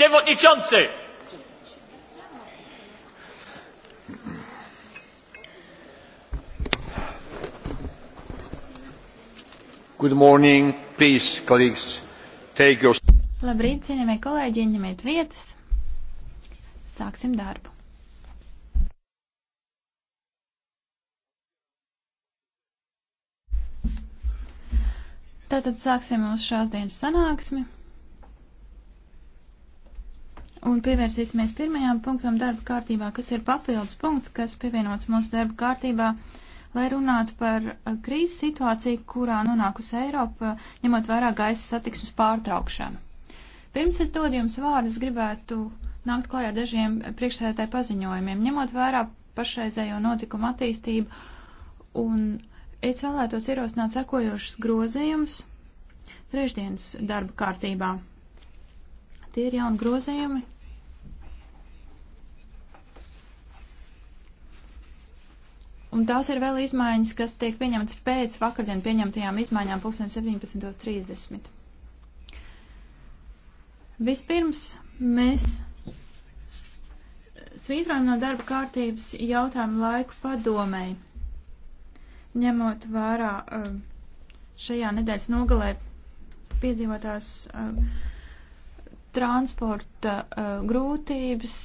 Przewodniczący! Good morning, please, colleagues, take your... Labrīt, cienījamie kolēģi, ieņemiet vietas. Sāksim darbu. Tātad sāksim mūsu šās dienas sanāksmi un pievērsīsimies pirmajām punktam darba kārtībā, kas ir papildus punkts, kas pievienots mūsu darba kārtībā, lai runātu par uh, krīzes situāciju, kurā nonākusi Eiropa, ņemot vērā gaisa satiksmes pārtraukšanu. Pirms es dodu jums vārdus, gribētu nākt klājā dažiem priekšsēdētāju paziņojumiem, ņemot vērā pašreizējo notikumu attīstību, un es vēlētos ierosināt sekojošus grozījumus trešdienas darba kārtībā tie ir jauni grozījumi, Un tās ir vēl izmaiņas, kas tiek pieņemtas pēc vakardien pieņemtajām izmaiņām 17.30. Vispirms mēs svītrojam no darba kārtības jautājumu laiku padomēji, ņemot vērā uh, šajā nedēļas nogalē piedzīvotās uh, transporta uh, grūtības,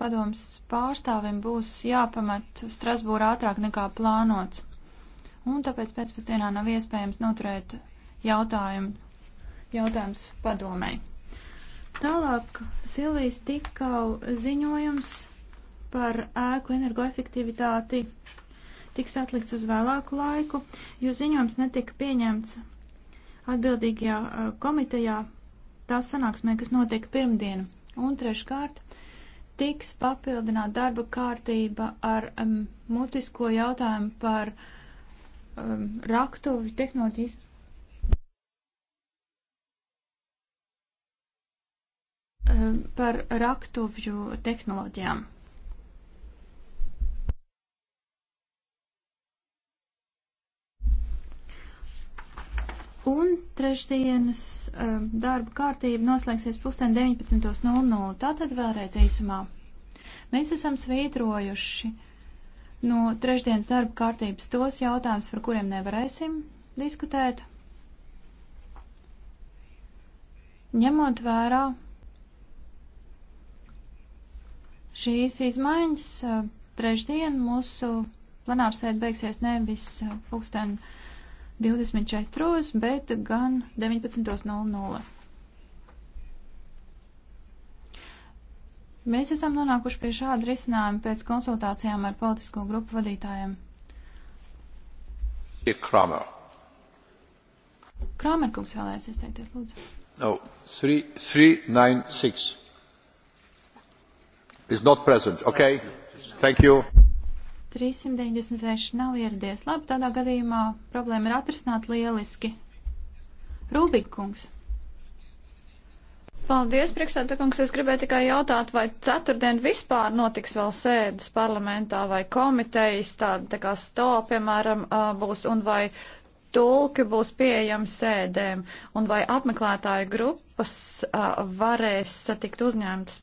padoms pārstāvim būs jāpamet Strasbūra ātrāk nekā plānots. Un tāpēc pēcpusdienā nav iespējams noturēt jautājumu, jautājums padomēji. Tālāk Silvijas tikau ziņojums par ēku energoefektivitāti tiks atlikts uz vēlāku laiku, jo ziņojums netika pieņemts atbildīgajā eh, komitejā tā sanāksmē, kas notiek pirmdien. Un treškārt, tiks papildināt darba kārtība ar um, mutisko jautājumu par um, raktuvi tehnoloģijas. Um, par raktuvju tehnoloģijām. un trešdienas um, darba kārtība noslēgsies pusdien 19.00. Tātad vēlreiz īsumā. Mēs esam svītrojuši no trešdienas darba kārtības tos jautājumus, par kuriem nevarēsim diskutēt, ņemot vērā šīs izmaiņas. Uh, trešdien mūsu plenārsēde beigsies nevis uh, pulksten. Uh, 24, bet gan 19.00. Mēs esam nonākuši pie šāda risinājuma pēc konsultācijām ar politisko grupu vadītājiem. Kramer. Kramer kungs vēlēs izteikties, lūdzu. No, 396 is not present, okay? Thank you. 396 nav ieradies. Labi, tādā gadījumā problēma ir atrisināt lieliski. Rūbīkungs. Paldies, priekšsēdētājs. Es gribēju tikai jautāt, vai ceturtdien vispār notiks vēl sēdes parlamentā vai komitejas, tāda tā kā sto, piemēram, būs, un vai tulki būs pieejami sēdēm, un vai apmeklētāju grupas varēs tikt uzņemtas